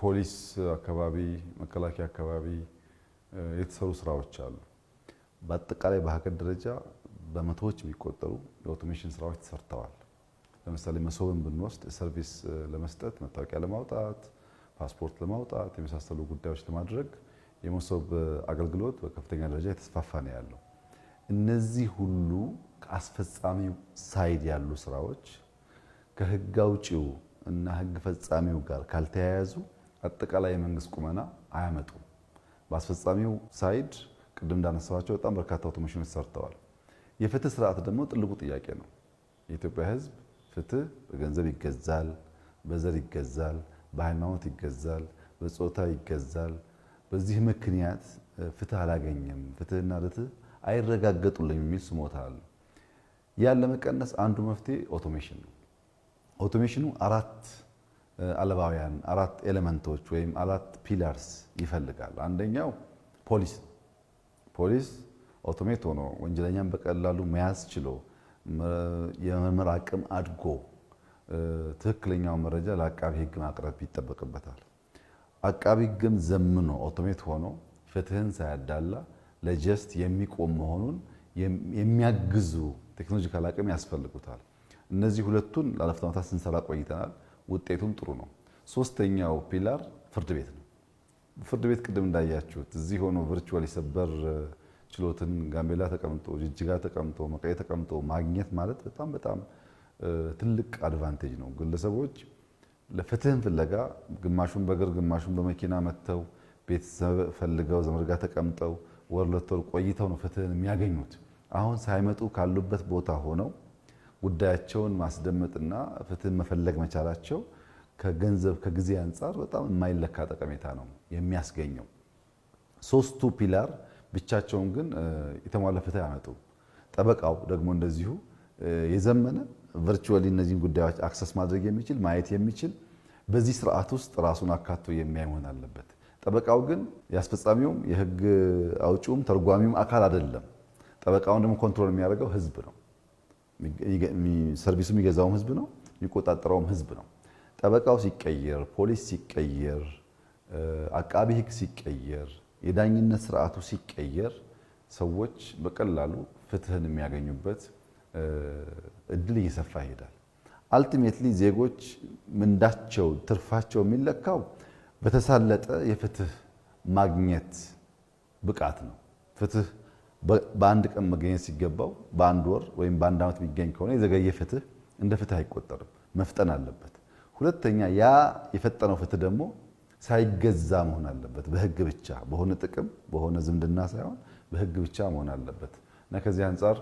ፖሊስ አካባቢ፣ መከላከያ አካባቢ የተሰሩ ስራዎች አሉ። በአጠቃላይ በሀገር ደረጃ በመቶዎች የሚቆጠሩ የኦቶሜሽን ስራዎች ተሰርተዋል። ለምሳሌ መሶብን ብንወስድ ሰርቪስ ለመስጠት መታወቂያ ለማውጣት፣ ፓስፖርት ለማውጣት የመሳሰሉ ጉዳዮች ለማድረግ የመሶብ አገልግሎት በከፍተኛ ደረጃ የተስፋፋ ነው ያለው። እነዚህ ሁሉ ከአስፈጻሚው ሳይድ ያሉ ስራዎች ከህግ አውጪው እና ህግ ፈጻሚው ጋር ካልተያያዙ አጠቃላይ የመንግስት ቁመና አያመጡም። በአስፈጻሚው ሳይድ ቅድም እንዳነሳቸው በጣም በርካታ አውቶሜሽኖች ሰርተዋል። የፍትህ ስርዓት ደግሞ ጥልቁ ጥያቄ ነው። የኢትዮጵያ ህዝብ ፍትህ በገንዘብ ይገዛል፣ በዘር ይገዛል፣ በሃይማኖት ይገዛል፣ በጾታ ይገዛል። በዚህ ምክንያት ፍትህ አላገኘም፣ ፍትህና ርትህ አይረጋገጡልኝ የሚል ስሞታ አለ። ያን ለመቀነስ አንዱ መፍትሄ ኦቶሜሽን ነው። ኦቶሜሽኑ አራት አለባውያን አራት ኤሌመንቶች ወይም አራት ፒላርስ ይፈልጋል። አንደኛው ፖሊስ ፖሊስ ኦቶሜት ሆኖ ወንጀለኛን በቀላሉ መያዝ ችሎ የመርመር አቅም አድጎ ትክክለኛው መረጃ ለአቃቢ ሕግ ማቅረብ ይጠበቅበታል። አቃቢ ሕግም ዘምኖ ኦቶሜት ሆኖ ፍትህን ሳያዳላ ለጀስት የሚቆም መሆኑን የሚያግዙ ቴክኖሎጂካል አቅም ያስፈልጉታል። እነዚህ ሁለቱን ላለፉት ዓመታት ስንሰራ ቆይተናል። ውጤቱም ጥሩ ነው። ሶስተኛው ፒላር ፍርድ ቤት ነው። ፍርድ ቤት ቅድም እንዳያችሁት እዚህ ሆኖ ቨርቹዋል የሰበር ችሎትን ጋምቤላ ተቀምጦ፣ ጅጅጋ ተቀምጦ፣ መቀሌ ተቀምጦ ማግኘት ማለት በጣም በጣም ትልቅ አድቫንቴጅ ነው። ግለሰቦች ለፍትህን ፍለጋ ግማሹን በእግር ግማሹን በመኪና መጥተው ቤት ፈልገው ዘመድ ጋር ተቀምጠው ወር ለወር ቆይተው ነው ፍትህን የሚያገኙት። አሁን ሳይመጡ ካሉበት ቦታ ሆነው ጉዳያቸውን ማስደመጥና ፍትህ መፈለግ መቻላቸው ከገንዘብ ከጊዜ አንጻር በጣም የማይለካ ጠቀሜታ ነው የሚያስገኘው። ሶስቱ ፒላር ብቻቸውን ግን የተሟላ ፍትህ አያመጡም። ጠበቃው ደግሞ እንደዚሁ የዘመነ ቨርቹዋሊ እነዚህን ጉዳዮች አክሰስ ማድረግ የሚችል ማየት የሚችል በዚህ ስርዓት ውስጥ ራሱን አካቶ የሚያይ መሆን አለበት። ጠበቃው ግን የአስፈጻሚውም የህግ አውጪውም ተርጓሚውም አካል አይደለም። ጠበቃውን ደግሞ ኮንትሮል የሚያደርገው ህዝብ ነው። ሰርቪሱ የሚገዛውም ህዝብ ነው፣ የሚቆጣጠረውም ህዝብ ነው። ጠበቃው ሲቀየር፣ ፖሊስ ሲቀየር፣ አቃቢ ህግ ሲቀየር፣ የዳኝነት ስርዓቱ ሲቀየር ሰዎች በቀላሉ ፍትህን የሚያገኙበት እድል እየሰፋ ይሄዳል። አልቲሜትሊ ዜጎች ምንዳቸው ትርፋቸው የሚለካው በተሳለጠ የፍትህ ማግኘት ብቃት ነው። ፍትህ በአንድ ቀን መገኘት ሲገባው በአንድ ወር ወይም በአንድ ዓመት የሚገኝ ከሆነ የዘገየ ፍትህ እንደ ፍትህ አይቆጠርም። መፍጠን አለበት። ሁለተኛ ያ የፈጠነው ፍትህ ደግሞ ሳይገዛ መሆን አለበት። በህግ ብቻ በሆነ ጥቅም በሆነ ዝምድና ሳይሆን በህግ ብቻ መሆን አለበት እና ከዚህ አንጻር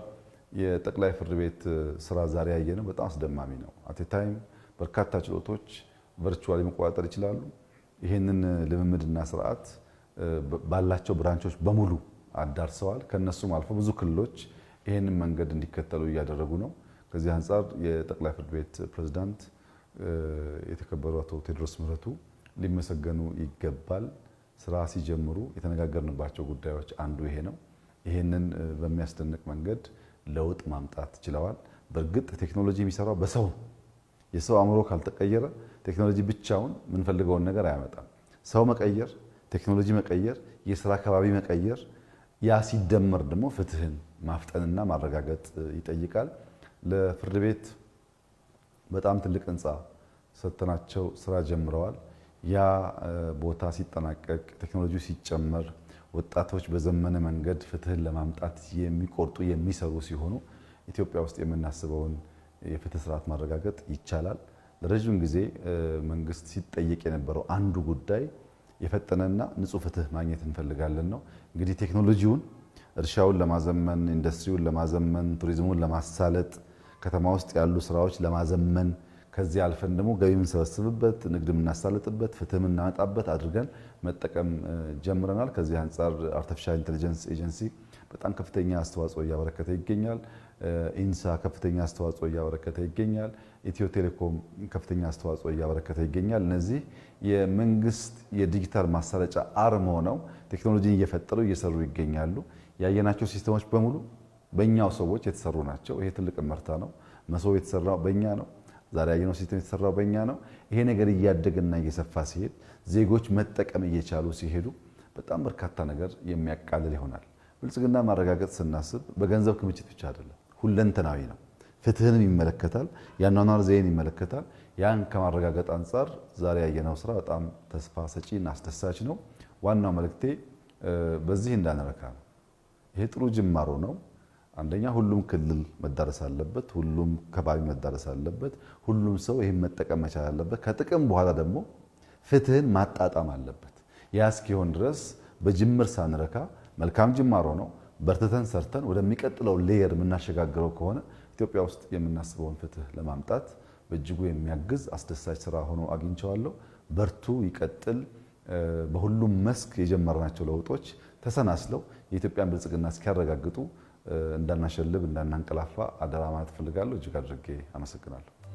የጠቅላይ ፍርድ ቤት ስራ ዛሬ ያየነው በጣም አስደማሚ ነው። አት ታይም በርካታ ችሎቶች ቨርቹዋሊ መቆጣጠር ይችላሉ። ይህንን ልምምድና ስርዓት ባላቸው ብራንቾች በሙሉ አዳርሰዋል። ከነሱም አልፎ ብዙ ክልሎች ይህንን መንገድ እንዲከተሉ እያደረጉ ነው። ከዚህ አንጻር የጠቅላይ ፍርድ ቤት ፕሬዝዳንት የተከበሩ አቶ ቴዎድሮስ ምህረቱ ሊመሰገኑ ይገባል። ስራ ሲጀምሩ የተነጋገርንባቸው ጉዳዮች አንዱ ይሄ ነው። ይህንን በሚያስደንቅ መንገድ ለውጥ ማምጣት ችለዋል። በእርግጥ ቴክኖሎጂ የሚሰራው በሰው የሰው አእምሮ ካልተቀየረ ቴክኖሎጂ ብቻውን የምንፈልገውን ነገር አያመጣም። ሰው መቀየር፣ ቴክኖሎጂ መቀየር፣ የስራ አካባቢ መቀየር ያ ሲደመር ደግሞ ፍትህን ማፍጠንና ማረጋገጥ ይጠይቃል። ለፍርድ ቤት በጣም ትልቅ ህንፃ ሰጥተናቸው ስራ ጀምረዋል። ያ ቦታ ሲጠናቀቅ፣ ቴክኖሎጂ ሲጨመር፣ ወጣቶች በዘመነ መንገድ ፍትህን ለማምጣት የሚቆርጡ የሚሰሩ ሲሆኑ ኢትዮጵያ ውስጥ የምናስበውን የፍትህ ስርዓት ማረጋገጥ ይቻላል። ለረዥም ጊዜ መንግስት ሲጠየቅ የነበረው አንዱ ጉዳይ የፈጠነና ንጹህ ፍትህ ማግኘት እንፈልጋለን ነው። እንግዲህ ቴክኖሎጂውን እርሻውን ለማዘመን፣ ኢንዱስትሪውን ለማዘመን፣ ቱሪዝሙን ለማሳለጥ፣ ከተማ ውስጥ ያሉ ስራዎች ለማዘመን ከዚህ አልፈን ደግሞ ገቢ የምንሰበስብበት ንግድ የምናሳልጥበት ፍትህ የምናመጣበት አድርገን መጠቀም ጀምረናል። ከዚህ አንጻር አርቲፊሻል ኢንቴሊጀንስ ኤጀንሲ በጣም ከፍተኛ አስተዋጽኦ እያበረከተ ይገኛል። ኢንሳ ከፍተኛ አስተዋጽኦ እያበረከተ ይገኛል። ኢትዮ ቴሌኮም ከፍተኛ አስተዋጽኦ እያበረከተ ይገኛል። እነዚህ የመንግስት የዲጂታል ማሰረጫ አርም ሆነው ቴክኖሎጂን እየፈጠሩ እየሰሩ ይገኛሉ። ያየናቸው ሲስተሞች በሙሉ በእኛው ሰዎች የተሰሩ ናቸው። ይሄ ትልቅ ምርታ ነው። መሶብ የተሰራው በእኛ ነው። ዛሬ ያየነው ሲስተም የተሰራው በእኛ ነው። ይሄ ነገር እያደገና እየሰፋ ሲሄድ ዜጎች መጠቀም እየቻሉ ሲሄዱ በጣም በርካታ ነገር የሚያቃልል ይሆናል። ብልጽግና ማረጋገጥ ስናስብ በገንዘብ ክምችት ብቻ አይደለም፣ ሁለንተናዊ ነው። ፍትህንም ይመለከታል፣ የአኗኗር ዘይቤን ይመለከታል። ያን ከማረጋገጥ አንጻር ዛሬ ያየነው ስራ በጣም ተስፋ እና አስደሳች ነው። ዋናው መልእክቴ በዚህ እንዳንረካ ነው። ይሄ ጥሩ ጅማሮ ነው። አንደኛ ሁሉም ክልል መዳረስ አለበት፣ ሁሉም ከባቢ መዳረስ አለበት፣ ሁሉም ሰው ይህን መጠቀም መቻል አለበት። ከጥቅም በኋላ ደግሞ ፍትህን ማጣጣም አለበት። ያ እስኪሆን ድረስ በጅምር ሳንረካ መልካም ጅማሮ ነው። በርትተን ሰርተን ወደሚቀጥለው ሌየር የምናሸጋግረው ከሆነ ኢትዮጵያ ውስጥ የምናስበውን ፍትህ ለማምጣት በእጅጉ የሚያግዝ አስደሳች ስራ ሆኖ አግኝቸዋለሁ። በርቱ፣ ይቀጥል። በሁሉም መስክ የጀመርናቸው ለውጦች ተሰናስለው የኢትዮጵያን ብልጽግና እስኪያረጋግጡ እንዳናሸልብ፣ እንዳናንቀላፋ አደራ ማለት እፈልጋለሁ። እጅግ አድርጌ አመሰግናለሁ።